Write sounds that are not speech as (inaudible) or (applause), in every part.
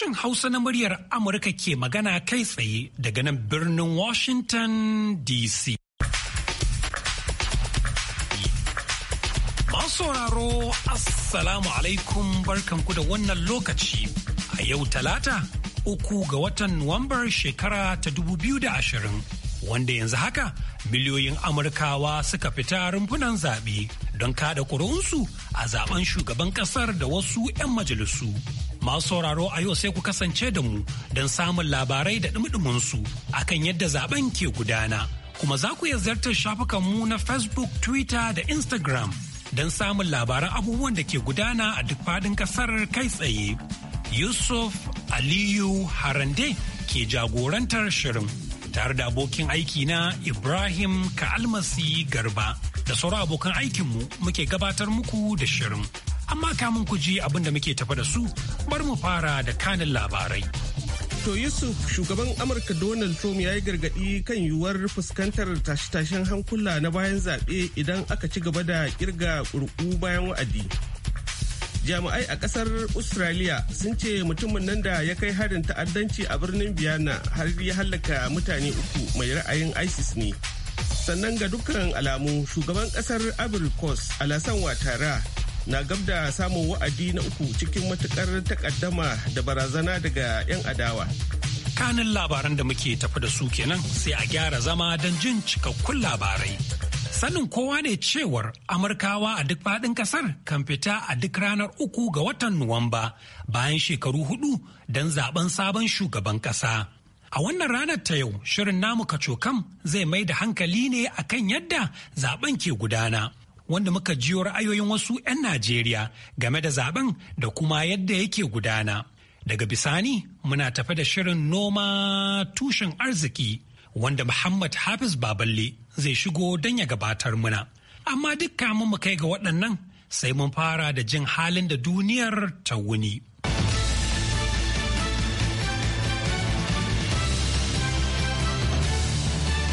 Sashen Hausa na muryar Amurka ke magana kai tsaye daga nan birnin Washington DC. sauraro Assalamu alaikum barkanku da wannan lokaci a yau talata uku ga watan Nuwambar shekara ta dubu biyu da ashirin. wanda yanzu haka miliyoyin amurkawa suka fita rumfunan zaɓe don kada ƙuri'unsu a zaben shugaban ƙasar da wasu 'yan majalisu masu sauraro a yau sai ku kasance da mu don samun labarai da ɗumɗuminsu akan yadda zaben ke gudana kuma za ku iya ziyartar shafukanmu na facebook twitter da instagram don samun labaran abubuwan da ke gudana a duk faɗin ƙasar kai tsaye yusuf aliyu harande ke jagorantar shirin tare da abokin aiki na Ibrahim Ka'almasi Garba da sauran abokan aikinmu muke gabatar muku da shirin. Amma kamun ku ji abin da muke tafa da su bar mu fara da kanin labarai. To Yusuf shugaban Amurka Donald Trump ya yi gargadi kan yiwuwar fuskantar tashe-tashen hankula na bayan zaɓe idan aka ci gaba da kirga ƙurƙu bayan wa'adi. jami'ai a kasar australia sun ce mutumin nan da ya kai harin ta'addanci a birnin biyana har ya hallaka mutane uku mai ra'ayin isis ne sannan ga dukkan alamu shugaban kasar a alasan watara na gab da samun wa'adi na uku cikin matukar takaddama da barazana daga 'yan adawa kanin labaran da muke tafi da su kenan sai a gyara zama don jin cikakkun labarai Sanin kowa ne cewar Amurkawa a duk faɗin ƙasar kan fita a duk ranar uku ga watan Nuwamba bayan shekaru hudu don zaben sabon shugaban ƙasa. A wannan ranar ta yau shirin namu kacokam zai mai da hankali ne akan yadda zaben ke gudana. Wanda muka jiyo ra'ayoyin wasu 'yan Najeriya game da zaben da kuma yadda yake gudana. Daga bisani muna tafe da shirin noma tushen arziki wanda Muhammad Hafiz Baballe zai shigo don ya gabatar muna. Amma duk mu kai ga waɗannan sai mun fara da jin halin da duniyar ta wuni.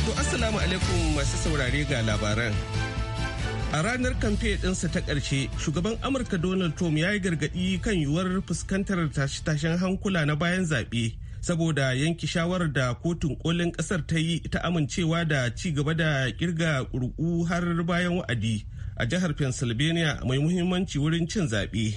To Assalamu alaikum masu saurare ga labaran. A ranar kamfe ɗinsa ta ƙarshe, shugaban Amurka Donald Trump ya yi gargaɗi kan yiwuwar fuskantar tashe-tashen hankula na bayan zaɓe. saboda yanki shawarar da kotun kolin kasar ta yi ta amincewa da ci gaba da kirga kurku har bayan wa'adi a jihar pennsylvania mai muhimmanci wurin cin zaɓe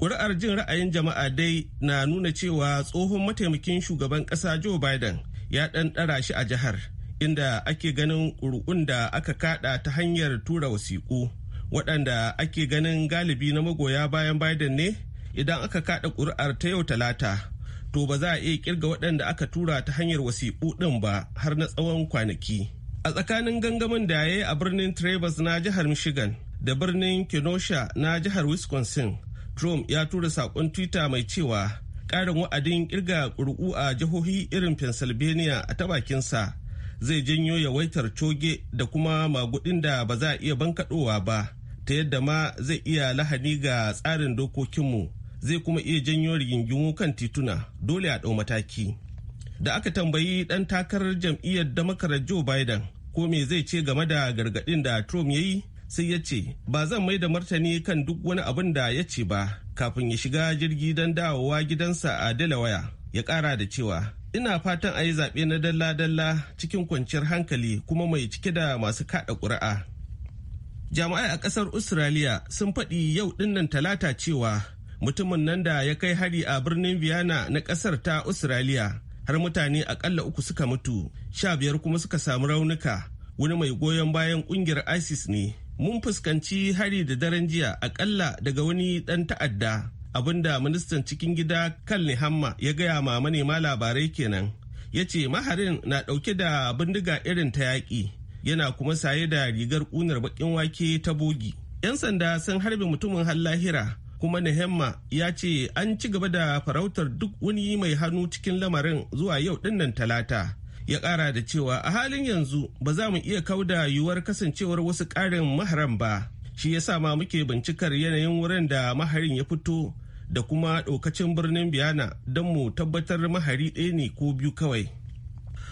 ƙuri'ar jin ra'ayin jama'a dai na nuna cewa tsohon mataimakin shugaban ƙasa joe biden ya ɗanɗara shi a jihar inda ake ganin ƙuri'un da aka kaɗa ta hanyar tura wasiƙu waɗanda ake ganin galibi na magoya bayan biden ne idan aka kaɗa ƙuri'ar ta yau talata to ba za a iya kirga waɗanda aka tura ta hanyar wasiƙu ɗin ba har na tsawon kwanaki. A tsakanin gangamin da ya a birnin Travis na jihar Michigan da birnin Kenosha na jihar Wisconsin, Trump ya tura saƙon Twitter mai cewa ƙarin wa'adin kirga ƙuri'u a jihohi irin Pennsylvania a ta sa zai janyo yawaitar coge da kuma magudin da ba za a iya bankaɗowa ba ta yadda ma zai iya lahani ga tsarin dokokinmu. zai kuma iya janyo rigingimu kan tituna dole a ɗau mataki da aka tambayi ɗan takarar jam'iyyar damakarar joe biden ko me zai ce game da gargaɗin da trump ya yi sai ya ce ba zan mai da martani kan duk wani abin da ya ce ba kafin ya shiga jirgi don dawowa gidansa a delaware ya ƙara da cewa ina fatan a yi zaɓe na dalla-dalla cikin kwanciyar hankali kuma mai cike da masu kaɗa ƙuri'a. jami'ai a ƙasar australia sun faɗi yau ɗinnan talata cewa mutumin nan da ya kai hari a birnin Vienna na kasar ta Australia har mutane akalla uku suka mutu sha biyar kuma suka samu raunuka wani mai goyon bayan kungiyar ISIS ne mun fuskanci hari da daren jiya akalla daga wani ɗan ta'adda abinda ministan cikin gida kan Hamma ya gaya ma manema labarai kenan ya ce maharin na ɗauke da bindiga irin ta yaƙi yana kuma saye da rigar ƙunar baƙin wake ta bogi 'yan sanda sun harbe mutumin har lahira kuma Nehemma ya ce an ci gaba da farautar duk wani mai hannu cikin lamarin zuwa yau dinnan talata. Ya ƙara da cewa a halin yanzu ba za mu iya kauda yiwuwar kasancewar wasu ƙarin maharan ba. Shi ya ma muke bincikar yanayin wurin da maharin ya fito da kuma ɗaukacin birnin Biyana don mu tabbatar mahari ɗaya ne ko biyu kawai.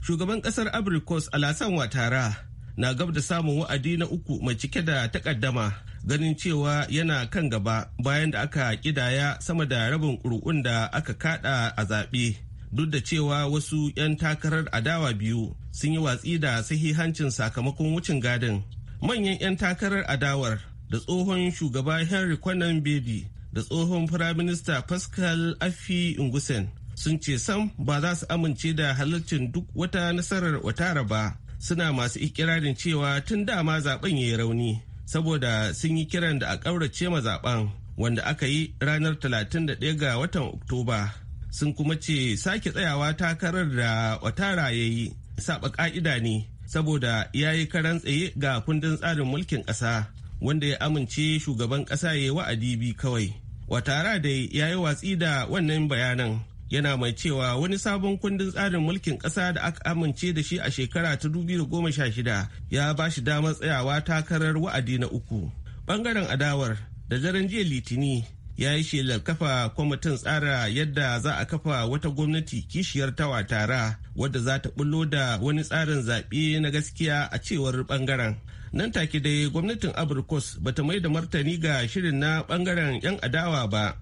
Shugaban ƙasar Abrikos Alasan Watara na gab da samun wa'adi na uku mai cike da takaddama ganin cewa yana kan gaba bayan da aka kidaya sama da rabin ƙuri'un da aka kada a zaɓe duk da cewa wasu 'yan takarar adawa biyu sun yi watsi da sahihancin sakamakon wucin gadin manyan 'yan takarar adawar da tsohon shugaba henry kwanan bedi da tsohon firaminista pascal afi ingusen sun ce sam ba za su amince da halarcin duk wata nasarar watara ba suna masu ikirarin cewa tun dama zaben ya yi rauni saboda sun yi kiran da a ƙaurace ma zaben wanda aka yi ranar 31 ga watan Oktoba. Sun kuma ce sake tsayawa takarar da Watara ya yi saba ka'ida ne saboda ya yi karan tsaye ga kundin tsarin mulkin ƙasa wanda ya amince shugaban ƙasa ya yi wa'adi bi kawai. Watara dai ya yi watsi da wannan bayanan yana mai cewa wani sabon kundin tsarin mulkin ƙasa da aka amince da shi a shekara ta 2016 ya ba shi damar tsayawa takarar wa'adi na uku. Bangaren adawar da daren jiya litini ya yi shelar kafa kwamitin tsara yadda za a kafa wata gwamnati kishiyar tawa tara wadda za ta bullo da wani tsarin zaɓe na gaskiya a cewar bangaren. Nan take dai gwamnatin Abrikos bata mai da martani ga shirin na bangaren 'yan adawa ba.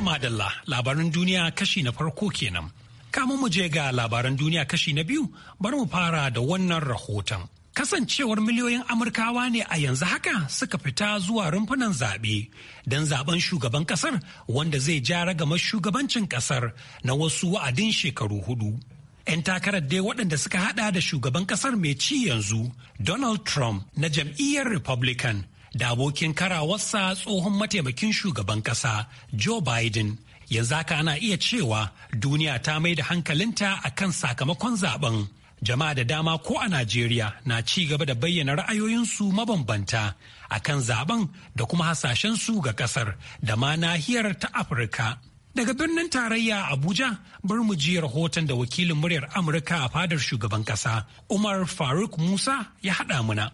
To madalla labaran duniya kashi na farko kenan. Kamun mu je ga labaran duniya kashi na biyu bari mu fara da wannan rahoton. Kasancewar miliyoyin Amurkawa ne a yanzu haka suka fita zuwa rumfunan zaɓe don zaben shugaban ƙasar wanda zai ja ragama shugabancin ƙasar na wasu wa'adin shekaru hudu. 'Yan takarar dai waɗanda suka haɗa da shugaban ƙasar mai ci yanzu Donald Trump na jam'iyyar Republican da abokin karawarsa tsohon mataimakin shugaban ƙasa Joe Biden. Yanzu haka ana iya cewa duniya ta mai da hankalinta a kan sakamakon zaben. Jama'a da dama ko a Najeriya na ci gaba da bayyana ra'ayoyinsu mabambanta a kan zaben da kuma hasashen su ga ƙasar da ma nahiyar ta Afirka. Daga birnin tarayya Abuja bari mu ji rahoton da wakilin muryar Amurka a fadar shugaban ƙasa Umar Faruk Musa ya haɗa muna.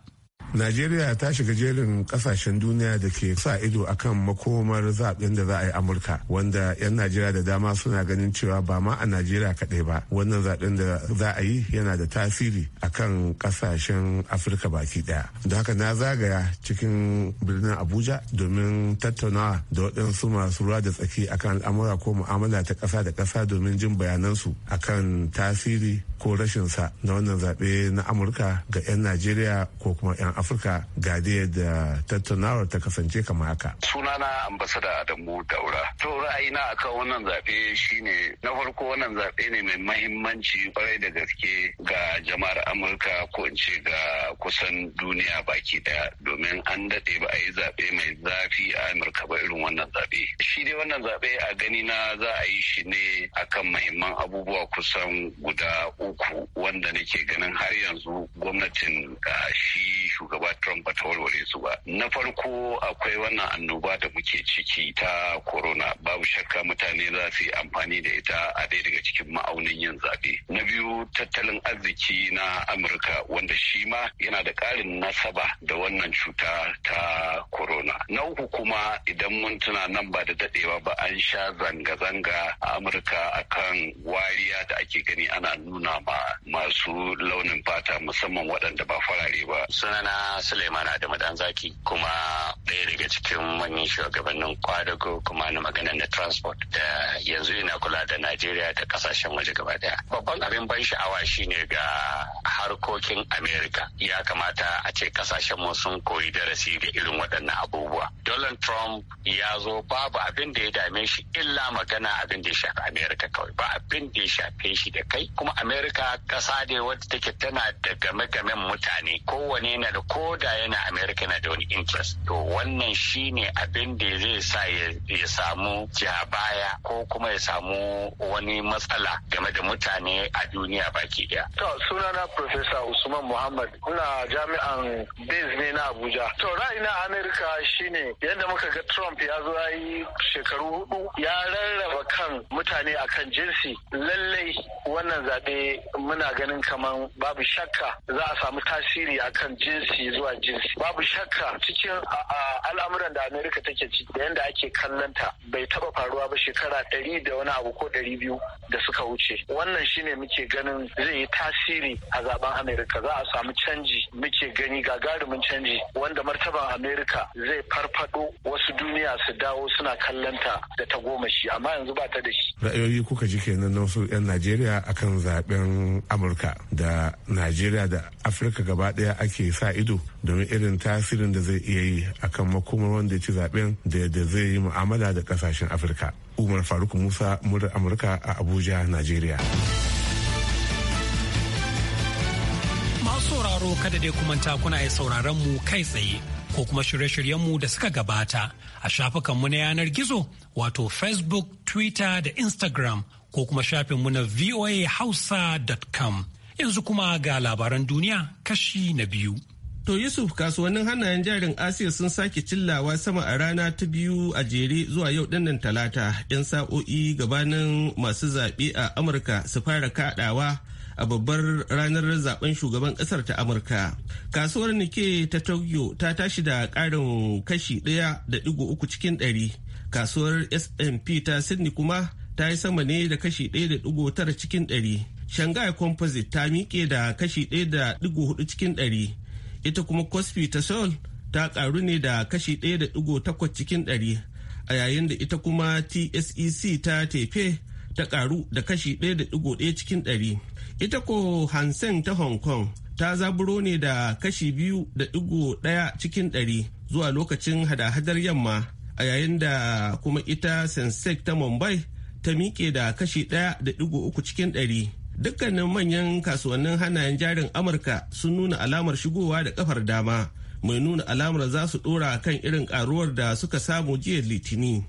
najeriya ta shiga jerin kasashen duniya da ke sa ido akan makomar zaben da za a yi amurka wanda 'yan najeriya da dama suna ganin cewa ba ma a najeriya kaɗai ba wannan zaben da za a yi yana da tasiri akan kasashen afirka baki daya da haka na zagaya cikin birnin abuja domin tattaunawa da waɗansu masu ruwa da tsaki akan al'amura ko mu'amala ta ƙasa da ƙasa domin jin bayanansu akan tasiri ko rashinsa na wannan zaɓe na amurka ga 'yan najeriya ko kuma 'yan afirka ga da tattaunawar ta kasance kamar haka sunana ambasada adamu daura to ra'ayina akan wannan zaɓe shine na farko wannan zaɓe ne mai mahimmanci kwarai da gaske ga jama'ar amurka ko in ce ga kusan duniya baki daya domin an daɗe ba a yi zaɓe mai zafi a amurka ba irin wannan zaɓe shi dai wannan zaɓe a gani na za a yi shi ne akan mahimman abubuwa kusan guda uku wanda nake ganin har yanzu gwamnatin shi shugaba Trump ba ta warware su ba. Na farko akwai wannan annoba da muke ciki ta corona ba shakka mutane za su yi amfani da ita a ɗaya daga cikin ma'aunin yin zaɓe. Na biyu tattalin arziki na Amurka wanda shi ma yana da ƙarin nasaba da wannan cuta ta corona. Na uku kuma idan mun tuna nan ba da daɗewa ba an sha zanga-zanga a Amurka akan wariya da ake gani ana nuna ma masu launin fata musamman waɗanda ba farare ba. Sunana Suleiman Adamu Danzaki kuma ɗaya daga cikin manyan shugabannin kwadago kuma na maganar da transport da yanzu yana kula da najeriya da kasashen waje gaba daya babban abin ban sha'awa shine ga harkokin Amerika. ya kamata a ce kasashen mu sun koyi darasi da irin waɗannan abubuwa donald trump ya zo babu abin da ya dame shi illa magana abin da ya shafi Amerika kawai ba abin da ya shafe shi da kai kuma Amerika ƙasa ne wadda take tana da game-gamen mutane kowane yana da da yana Amerika na da wani interest to wannan shine abin da zai sa ya samu ja baya ko kuma ya samu wani matsala game da mutane a duniya baki daya. To sunana Profesa Usman Muhammad Muna jami'an Bez ne na Abuja. To ra'ayina Amerika shine yadda muka ga Trump ya zo yi shekaru hudu ya rarraba kan mutane akan jinsi lallai wannan zaɓe muna ganin kamar babu shakka za a samu tasiri akan jinsi zuwa jinsi babu shakka cikin al'amuran da Amerika take ciki da yadda ake kallanta bai taba faruwa ba shekara ɗari da wani abu ko ɗari biyu da suka wuce wannan shine muke ganin zai yi tasiri a zaben amerika za a samu canji muke gani gagarumin canji wanda martaban amerika zai farfado wasu duniya su dawo suna kallanta da ta goma shi amma yanzu ba ta da shi ra'ayoyi kuka ji kenan na wasu 'yan najeriya akan zaben amurka da najeriya da afirka gaba ɗaya ake sa ido domin irin tasirin da zai iya yi akan makomar wanda ya ci zaben da yadda zai yi mu'amala da kasashen afirka afirka umar faruk musa murar amurka a abuja nigeria masu sauraro kada dai kumanta kuna ya sauraron mu kai tsaye ko kuma shirye-shiryenmu da suka gabata a shafukan mu na yanar gizo wato facebook twitter da instagram ko kuma shafin mu na voahausa.com yanzu kuma ga labaran duniya kashi na biyu To Yusuf kasuwannin hannayen jarin Asiya sun sake cillawa sama a rana ta biyu a jere zuwa yau dinnan talata 'yan sa'o'i gabanin masu zaɓe a Amurka su fara kaɗawa a babbar ranar zaben shugaban ƙasar ta Amurka. Kasuwar Nike ta Tokyo ta tashi da ƙarin kashi ɗaya da ɗigo uku cikin ɗari. Kasuwar smp ta Sydney kuma ta yi sama ne da kashi ɗaya da ɗigo tara cikin ɗari. Shanghai Composite ta miƙe da kashi ɗaya da ɗigo hudu cikin ɗari. ita kuma kwasfi ta sol ta karu ne da kashi 1.8 cikin 100 a yayin da ita kuma tsec ta tefe ta karu da kashi 1.1 cikin 100 ita ko hansen ta hong kong ta zaburo ne da kashi 2.1 cikin 100 zuwa lokacin hada-hadar yamma a yayin da kuma ita sensec ta mumbai ta miƙe da kashi 1.3 cikin 100 dukkanin manyan kasuwannin hannayen jarin amurka sun nuna alamar shigowa da kafar dama mai nuna alamar za su dora kan irin karuwar da suka samu jiya litini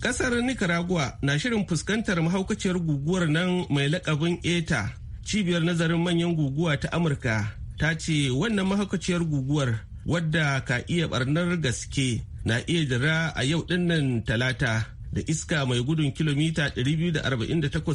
kasar nicaragua na shirin fuskantar mahaukaciyar guguwar nan mai lakabin eta cibiyar nazarin manyan guguwa ta amurka ta ce wannan mahaukaciyar guguwar wadda ka iya barnar gaske na iya jira a yau dinnan talata da iska mai gudun kilomita 248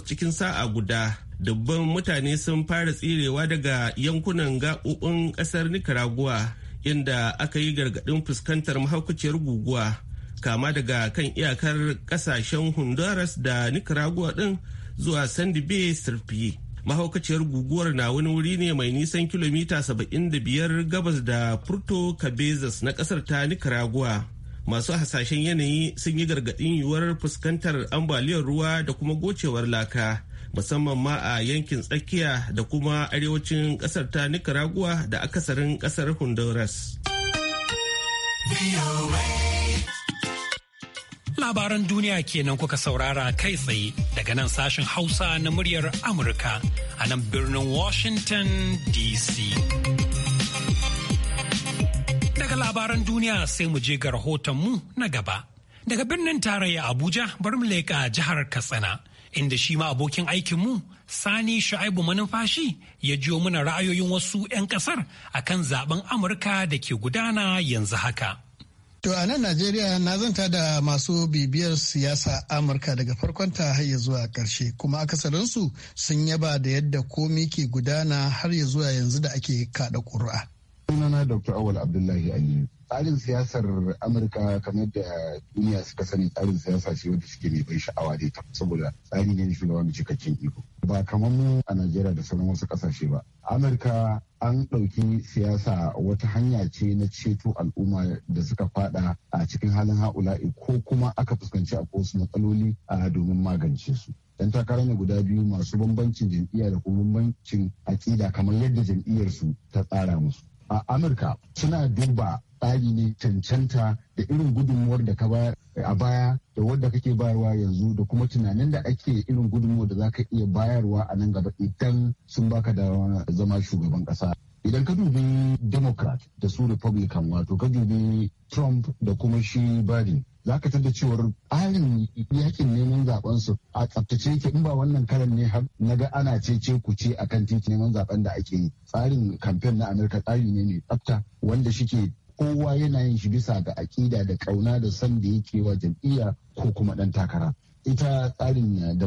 cikin sa'a guda dubban mutane sun fara tsirewa daga yankunan ga'u'un ƙasar nicaragua inda aka yi gargaɗin fuskantar mahaukaciyar guguwa kama daga kan iyakar ƙasashen honduras da nicaragua ɗin zuwa sandy bay sirfi mahaukaciyar guguwar na wani wuri ne mai nisan kilomita 75 gabas da puerto cabezas na ƙasar ta nicaragua masu hasashen yanayi sun yi gargaɗin yiwuwar fuskantar ambaliyar ruwa da kuma gocewar laka musamman ma a yankin tsakiya da kuma arewacin kasar ta nicaragua da akasarin kasar honduras labaran duniya kenan kuka saurara kai tsaye daga nan sashen hausa na muryar amurka a nan birnin washington dc daga labaran duniya sai mu je ga mu na gaba daga birnin tarayya abuja bari mu leƙa jihar katsina inda shi ma abokin aikinmu sani sha'ibu Manufashi ya jiyo mana ra'ayoyin wasu 'yan kasar kan zaben amurka da ke gudana yanzu haka to a nan najeriya na zanta da masu bibiyar siyasa amurka daga farkon ta har zuwa karshe kuma akasarinsu sun yaba da yadda komi ke gudana har ya zuwa yanzu da ake kaɗa ƙuri'a. sunana dr awal abdullahi aliyu tsarin siyasar amurka kamar da duniya suka sani tsarin siyasa ce wanda suke mai bai sha'awa da ita saboda tsari ne shugaban da cikakken iko ba kamar mu a najeriya da sauran wasu kasashe ba amurka an ɗauki siyasa wata hanya ce na ceto al'umma da suka fada a cikin halin ha'ula'i ko kuma aka fuskanci a wasu matsaloli a domin magance su yan takara ne guda biyu masu bambancin jam'iyya da kuma bambancin aƙida kamar yadda jam'iyyar su ta tsara musu a amurka suna duba tsari ne cancanta da irin gudunmuwar da ka ba a baya da wadda kake bayarwa yanzu da kuma tunanin da ake irin gudunmuwar da za ka iya bayarwa a nan gaba idan sun baka da zama shugaban kasa idan ka dubi democrat da su republican wato ka dubi trump da kuma shi biden za ka tada cewar tsarin yakin neman zaben su a tsaftace yake in ba wannan karan ne har na ga ana ce ce ku ce akan titi neman zaben da ake yi tsarin kamfen na amurka tsari ne mai tsafta wanda shike kowa yana yin shi bisa ga aƙida da ƙauna da san da yake wa jam'iyya ko kuma ɗan takara ita tsarin eh, da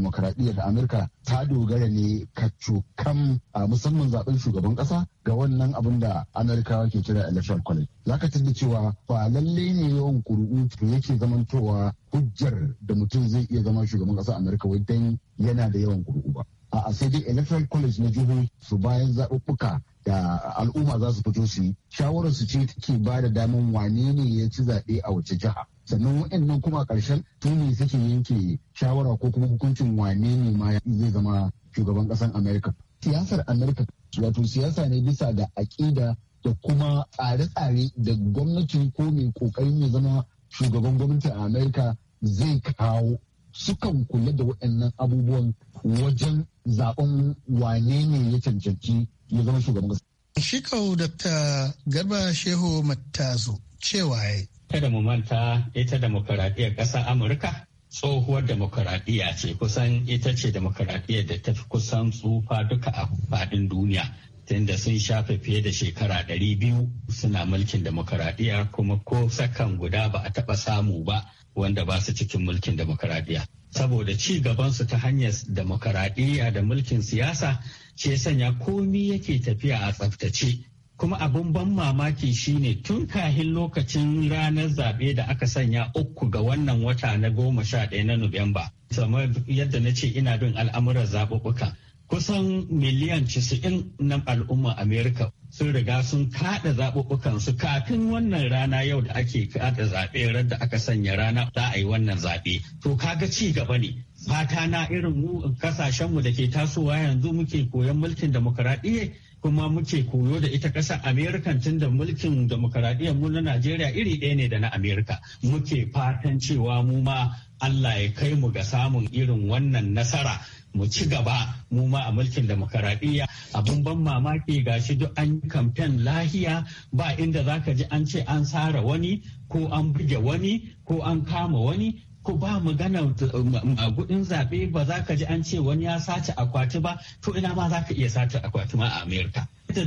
amurka ta dogara ne kacokan a musamman zaɓen shugaban ƙasa ga wannan abin da amurkawa ke kira electoral college za ka da cewa ba lallai ne yawan kuru'u yake zamantowa hujjar da mutum zai iya zama shugaban kasa amurka wai dan yana da yawan kuru'u ba A sai dai electoral college na jihohi su bayan zaɓuɓɓuka da al'umma za su fito su yi shawarar su ce take ba da daman wane ne ya ci zaɓe a wace jiha sannan wa'annan kuma a ƙarshen tuni suke yanke shawara ko kuma hukuncin wane ne ma zai zama shugaban ƙasar amerika siyasar amerika wato siyasa ne bisa ga aƙida da kuma tsare-tsare da gwamnati ko mai ƙoƙarin ya zama shugaban gwamnati a amerika zai kawo sukan kula da waɗannan abubuwan wajen zaɓen wane ne ya cancanci ya zama shugaban kasa. Shi kawo Dr. Garba Shehu Mattazo cewa ya Kada mu manta ita demokaradiyyar ƙasar Amurka tsohuwar demokaradiyya ce kusan ita ce demokaradiyyar da ta fi kusan tsufa duka a faɗin duniya tunda sun shafe fiye da shekara ɗari biyu suna mulkin demokaradiyya kuma ko sakan guda ba a taɓa samu ba wanda ba su cikin mulkin demokaradiyya saboda ci gabansu ta hanyar demokaradiyya da mulkin siyasa shi sanya komi yake tafiya a tsaftace kuma abin ban mamaki shine tun kahin lokacin ranar zaɓe da aka sanya uku ga wannan wata na goma sha ɗaya na nuwamba kamar yadda na ce ina bin al'amuran zaɓuɓɓuka kusan miliyan casa'in na al'umma amerika sun riga sun kaɗa zaɓuɓɓukan su kafin wannan rana yau da ake kaɗa zaɓe da aka sanya rana za a yi wannan zaɓe to kaga ci gaba ne fata na irin mu kasashenmu da ke tasowa yanzu muke koyon mulkin demokaradiyya kuma muke koyo da ita ƙasar amerikan tun da mulkin demokaradiyyar mu na najeriya iri ɗaya ne da na amerika muke fatan cewa mu ma allah ya kai mu ga samun irin wannan nasara mu ci gaba mu ma a mulkin demokaradiyya abin ban mamaki ga shi duk an yi kamfen lahiya ba inda za ka ji an ce an tsara wani ko an buge wani ko an kama wani ku ba magana uh, gudun zaɓe ba za ka ji an ce wani ya sace akwati ba to ina ma za ka iya sace akwati ma a amerika ita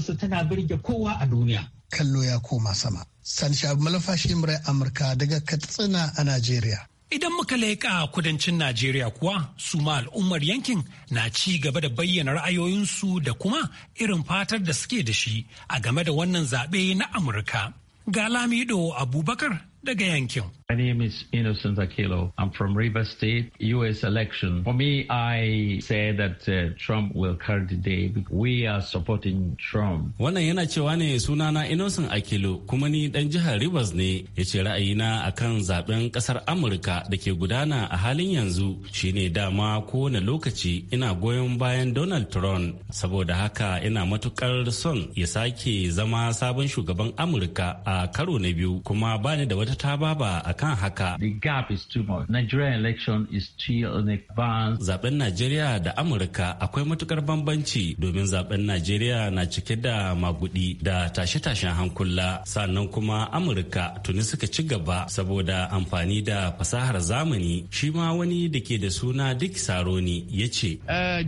su tana birge kowa a duniya kallo ya koma sama san shabu malafashi murai amurka daga katsina a najeriya Idan muka leƙa kudancin Najeriya kuwa su ma al'ummar yankin na ci gaba da bayyana ra'ayoyinsu da kuma irin fatar da suke da shi a game da wannan zaɓe na Amurka. Ga Lamido Abubakar daga yankin. My name is Innocent Aquilo. I'm from River State, U.S. election. For me, I say that uh, Trump will carry the day. We are supporting Trump. Wannan yana cewa ne sunana Innocent Aquilo kuma ni dan jihar Rivers ne ya ce ra'ayina akan zaben kasar Amurka da ke gudana a halin yanzu shine dama kowane lokaci ina goyon bayan Donald Trump saboda haka ina matukar son ya sake zama sabon shugaban Amurka a karo na biyu kuma bani da wata tababa a kan haka. The gap is too much. is still in advance. Zaben Najeriya da Amurka akwai matukar bambanci domin zaben Najeriya na cike da magudi da tashe-tashen hankula sannan kuma Amurka tuni suka ci gaba saboda amfani da fasahar zamani shi ma wani da ke da suna Dick Saroni ya ce. Uh,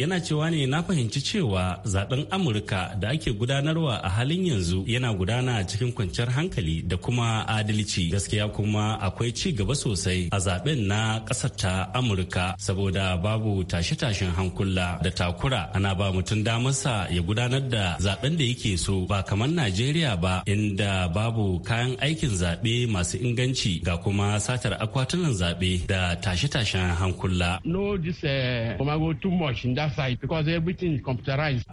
Yana cewa ne na fahimci cewa zaben Amurka da ake gudanarwa a halin yanzu yana gudana a cikin kwanciyar hankali da kuma adalci gaskiya kuma akwai ci gaba sosai a zaben na ƙasar ta amurka saboda babu tashe-tashen hankula da takura ana ba mutum damarsa ya gudanar da zaben da yake so ba kamar najeriya ba inda babu kayan aikin zabe masu inganci ga kuma satar akwatunan zaɓe da tashe-tashen hankula no uh,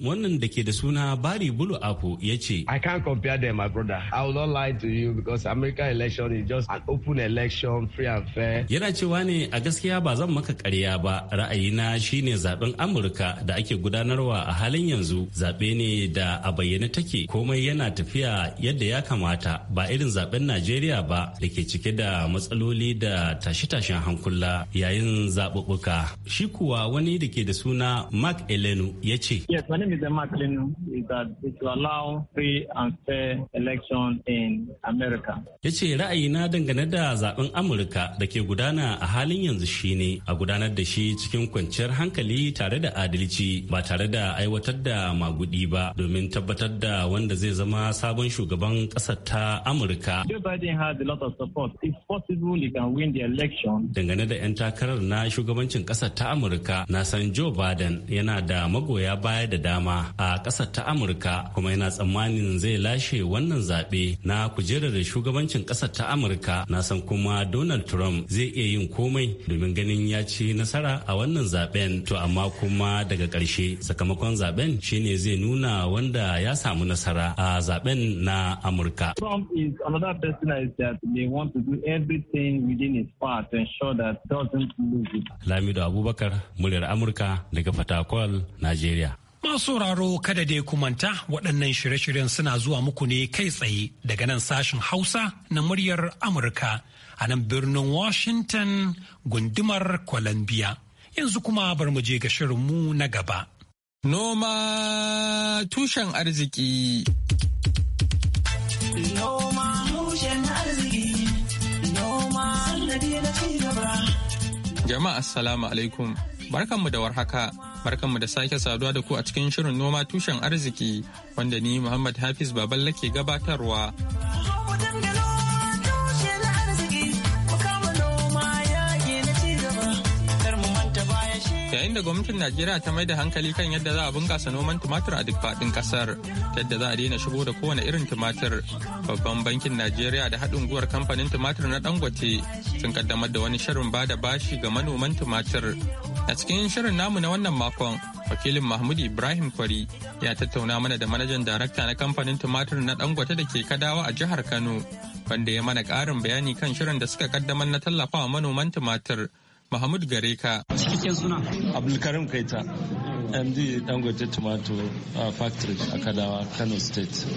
wannan da ke da suna bari bulu apo ya ce compare them, my brother. I will not lie to you because American election is just an open election, free and fair. Yana cewa ne a gaskiya ba zan maka ƙarya ba ra'ayina shine zaben Amurka da ake gudanarwa a halin yanzu zaɓe ne da a bayyane take komai yana tafiya yadda ya kamata ba irin zaben Najeriya ba da cike da matsaloli da tashe-tashen hankula yayin zaɓuɓɓuka. Shi kuwa wani da da suna Mark Elenu ya ce. Yes, my name is Mark Elenu. Is uh, that to allow free and fair election in America. Ya ce ra'ayina dangane da zaben Amurka da ke gudana a halin yanzu shine a gudanar da shi cikin kwanciyar hankali tare da adalci ba tare da aiwatar da magudi ba domin tabbatar da wanda zai zama sabon shugaban ƙasar ta Amurka. Dangane da 'yan takarar na shugabancin ƙasar ta Amurka na san Joe Biden yana da magoya baya da dama a ƙasar ta Amurka kuma yana tsammanin zai lashe wannan zaɓe na kujerar shugabancin ƙasar ta amurka na san kuma donald trump zai iya yin komai domin ganin ya ci nasara a wannan zaɓen to amma kuma daga ƙarshe sakamakon zaɓen shine zai nuna wanda ya samu nasara a zaɓen na amurka trump is another person that want to do lamido abubakar muryar amurka daga fatakwal najeriya Masu sauraro kada dai kumanta waɗannan shirye-shiryen suna zuwa muku ne kai tsaye daga nan sashen Hausa na muryar Amurka a nan birnin Washington gundumar Columbia. Yanzu kuma bar mu je ga shirinmu na gaba. Noma tushen arziki. Noma tushen arziki. Noma na ci gaba. Jama'a assalamu alaikum. Barkanmu da warhaka. barkanmu da sake saduwa da ku a cikin shirin noma tushen arziki wanda ni Muhammad Hafiz Baballa ke gabatarwa. yayin da gwamnatin najeriya ta mai da hankali kan yadda za a bunkasa noman tumatir a duk faɗin ƙasar yadda za a daina shigo da kowane irin tumatir babban bankin najeriya da haɗin gwiwar kamfanin tumatir na dangote sun kaddamar da wani shirin ba da bashi ga manoman tumatir a cikin shirin namu na wannan makon wakilin mahmud ibrahim kwari ya tattauna mana da manajan darakta na kamfanin tumatir na dangote da ke kadawa a jihar kano wanda ya mana ƙarin bayani kan shirin da suka kaddamar na tallafawa manoman tumatir Mahmud Gareka. cikin suna Abdulkarim Kaita. MD Dangote Tomato uh, Factory a Kadawa, Kano State.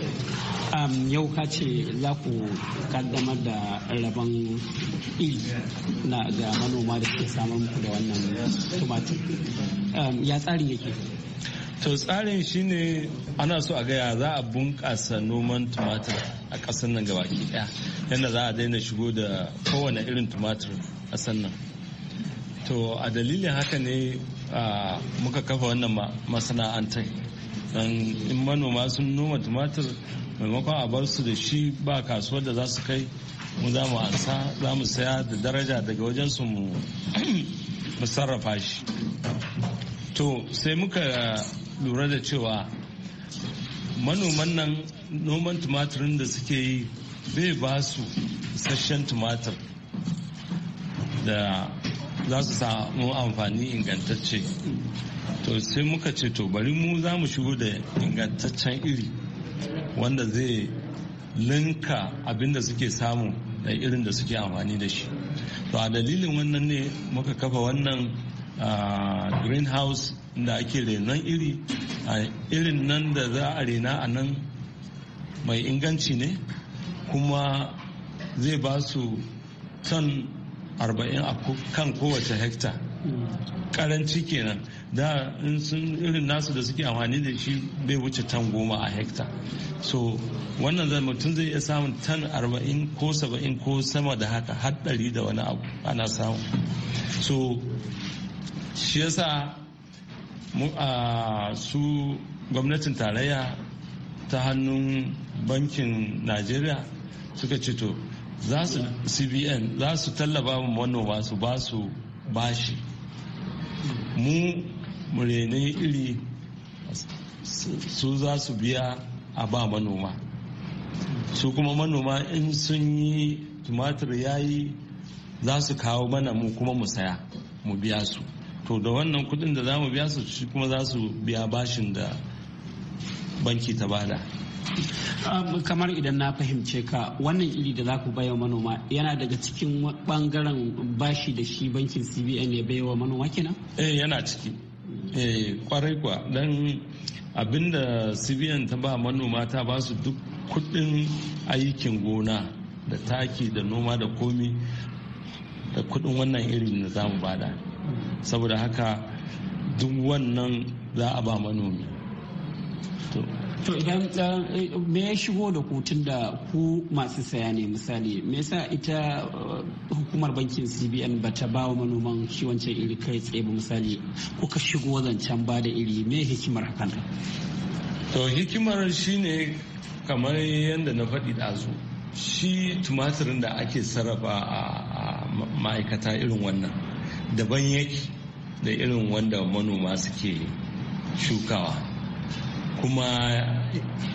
Um, yau ka ce za ku kaddamar da rabon il na ga manoma da ke samun da wannan tumatir. Um, ya tsarin yake? To tsarin shine ana so a gaya za a bunƙasa noman tumatir a ƙasar nan gabaki ɗaya yadda za a daina shigo da kowane irin tumatir a nan. to a dalili haka ne muka kafa wannan masana'antar don in manoma sun noma tumatir maimakon a bar su da shi ba kasuwar da za su kai mu za mu ansa za mu saya da daraja daga wajen su (clears throat) mu sarrafa shi to sai muka lura da cewa manoman nan noman tumatirin da suke yi bai ba su isasshen tumatir da za su samu amfani ingantacce to sai muka ce to bari mu za mu shigo da ingantaccen iri wanda zai linka abinda suke samu da irin da suke amfani da shi to a dalilin wannan ne muka kafa wannan greenhouse da ake renon iri a irin nan da za a rena a nan mai inganci ne kuma zai ba su son arba'in a kan kowace hekta karanci kenan da in sun irin nasu da suke amfani da shi bai wuce tan goma a hekta so wannan zai mutum zai iya samun tan arba'in ko saba'in ko sama da haka haɗari da wani abu ana samu so shi yasa su gwamnatin tarayya ta hannun bankin najeriya suka ce to za su cbn za su tallaba mu manoma su ba su bashi mu murene iri su za su biya a ba manoma su kuma manoma in sun yi tumatir ya yi za su kawo mana mu kuma mu saya mu biya su to da wannan kudin da za mu biya su kuma za su biya bashin da banki ta bada Um, kamar idan na fahimce ka wannan iri da za ku baiwa manoma yana daga cikin bangaren bashi da shi bankin cbn ya baiwa manoma kenan? eh yana ciki eh kwarai kwa don abinda cbn ta ba manoma ta ba su duk kudin aikin gona da taki da noma da komi da kudin wannan irin da za mu bada saboda haka duk wannan za a ba manomi to idan eh, me ya shigo da kutun da ku masu saya ne misali me yasa ita eh, hukumar bankin cbn ba ta ba wa manoman shi wancan iri kai tsaye ba misali kuka shigo zancen ba da iri me hikimar hakan to hikimar ne kamar yadda na faɗi ɗazu shi tumatirin da ake sarrafa a ma'aikata irin wannan daban yake da irin wanda manoma suke shukawa kuma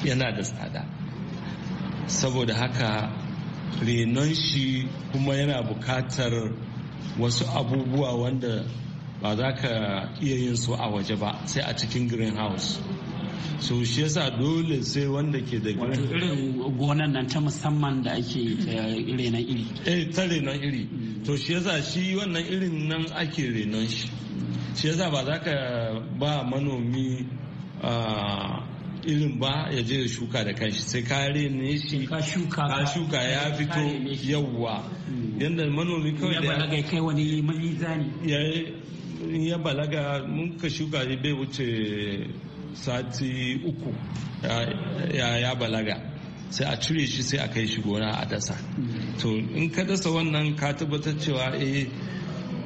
yana da tsada saboda haka renon shi kuma yana bukatar wasu abubuwa wanda ba za ka iya yin su a waje ba sai a cikin greenhouse so shi yasa dole sai wanda ke da wato irin gonan nan ta musamman da ake eh, renon iri eh ta renon iri mm. to shi yasa shi wannan irin nan ake renon shi shi yasa ba za ka ba manomi irin ba ya je da shuka da kanshi sai ka ne shi ka shuka ya fito yawwa hmm. yadda manomi kawai da ya balaga kai wani zani ya balaga mun ka shuka bai wuce sati uku ya balaga sai a cire shi sai a kai shi gona a dasa hmm. to in ka dasa wannan ka tabbatar cewa eh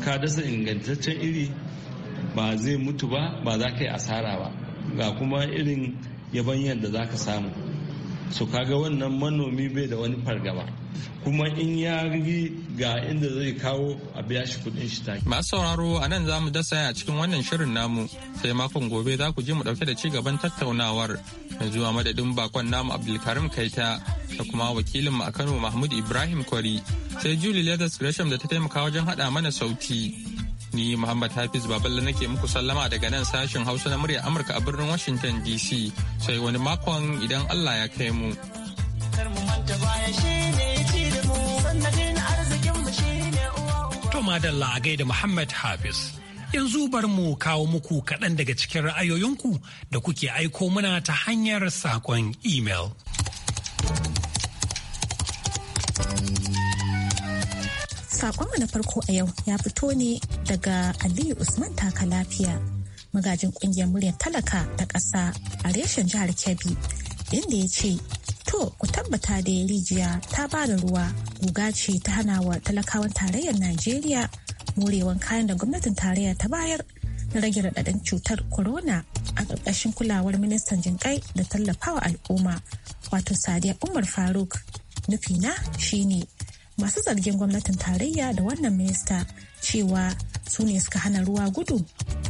ka dasa ingantaccen iri ba zai mutu ba ba za ka yi asara ba ga kuma irin yabanyar da za ka samu su kaga wannan manomi bai da wani fargaba kuma in ya rigi ga inda zai kawo a biya shi kudin shi take. masu sauraro a nan za mu dasa a cikin wannan shirin namu sai makon gobe za ku ji mu dauke da ci gaban tattaunawar yanzu zuwa madadin bakon namu abdulkarim kaita da kuma wakilin mu a kano mahmud ibrahim kwari sai juli leathers gresham da ta taimaka wajen hada mana sauti Ni Muhammad Hafiz Baballe nake muku sallama daga nan sashen Hausa na murya Amurka a birnin Washington DC sai wani makon idan Allah ya kai mu. To madalla a gaida Muhammad Hafiz. Yanzu bar mu kawo muku kaɗan daga cikin ra'ayoyinku da kuke aiko muna ta hanyar saƙon email. Sakonmu na farko a yau ya fito ne daga Aliyu Usman Taka Lafiya, magajin kungiyar muryar talaka ta ƙasa a reshen jihar Kebbi, inda ya ce, To, ku tabbata da rijiya ta ba da ruwa guga ce ta hana wa talakawan tarayyar Najeriya morewan kayan da gwamnatin tarayya ta bayar na rage raɗaɗin cutar corona a ƙarƙashin kulawar ministan jinƙai da tallafawa al'umma wato sadiya umar faruk nufina shine masu zargin gwamnatin tarayya da wannan minista cewa su ne suka hana ruwa gudu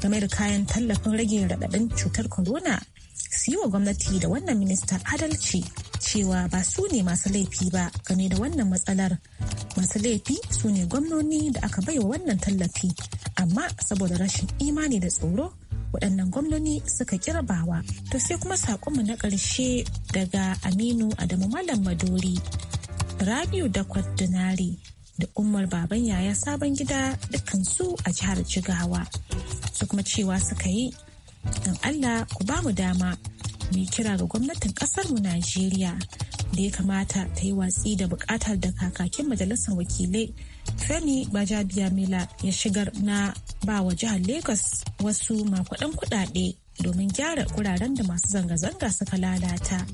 game da kayan tallafin rage raɗaɗin cutar corona su yi wa gwamnati da wannan minista adalci cewa ba su ne masu laifi ba game da wannan matsalar masu laifi su ne gwamnoni da aka bai wa wannan tallafi amma saboda rashin imani da tsoro waɗannan gwamnoni suka kirbawa to sai kuma saƙonmu na ƙarshe daga aminu adamu malam madori Rabiu da Kwadunari da Umar Baban Yaya Sabon Gida dukansu a jihar Jigawa. Su kuma cewa suka yi, don Allah ku ba mu dama mai kira ga gwamnatin mu Najeriya da ya kamata ta yi watsi da buƙatar da kakakin majalisar wakilai Femi Bajabiya Mila ya shigar na ba wa jihar Lagos wasu makudan kuɗaɗe domin gyara kuraren da masu zanga-zanga suka lalata.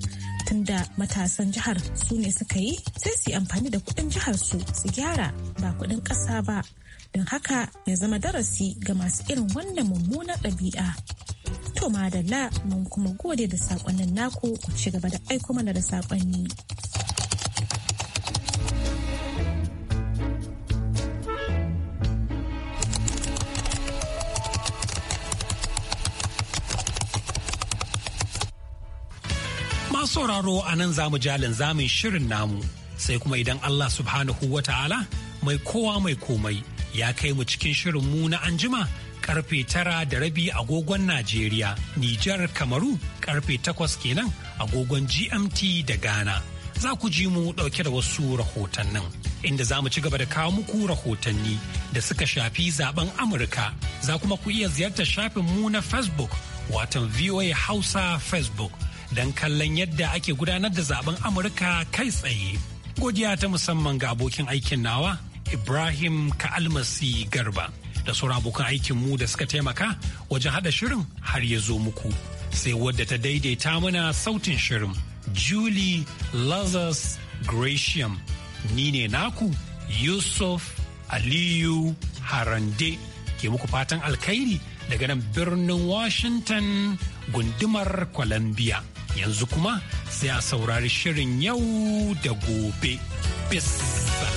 da matasan jihar su ne suka yi sai su yi amfani da kuɗin jihar su su gyara ba kuɗin ƙasa ba don haka ya zama darasi ga masu irin wannan mummunar ɗabi'a to madalla mun kuma gode da saƙonnin naku ku ci gaba da aiko mana da saƙonni sauraro a nan zamu jalin zamin shirin namu sai kuma idan Allah subhanahu wa ta'ala mai kowa mai komai ya kai mu cikin shirin mu na anjima karfe tara da rabi agogon Najeriya, Nijar, Kamaru karfe takwas kenan agogon GMT da Ghana. Za ku ji mu dauke da wasu rahotannin inda za mu ci gaba da kawo muku rahotanni da suka shafi zaben Amurka. Za kuma ku iya ziyartar shafin mu na Facebook watan VOA Hausa Facebook. don kallon yadda ake gudanar da zaben Amurka kai tsaye. Godiya ta musamman ga abokin aikin nawa Ibrahim Ka'almasi Garba da sauran abokan aikin mu da suka taimaka wajen haɗa shirin har ya zo muku. Sai wadda ta daidaita mana sautin shirin Julie Lazarus Gratiam. Ni ne naku Yusuf Aliyu Harande ke muku fatan alkhairi daga nan birnin Washington gundumar Columbia. yanzu kuma sai a saurari shirin yau da gobe. ba.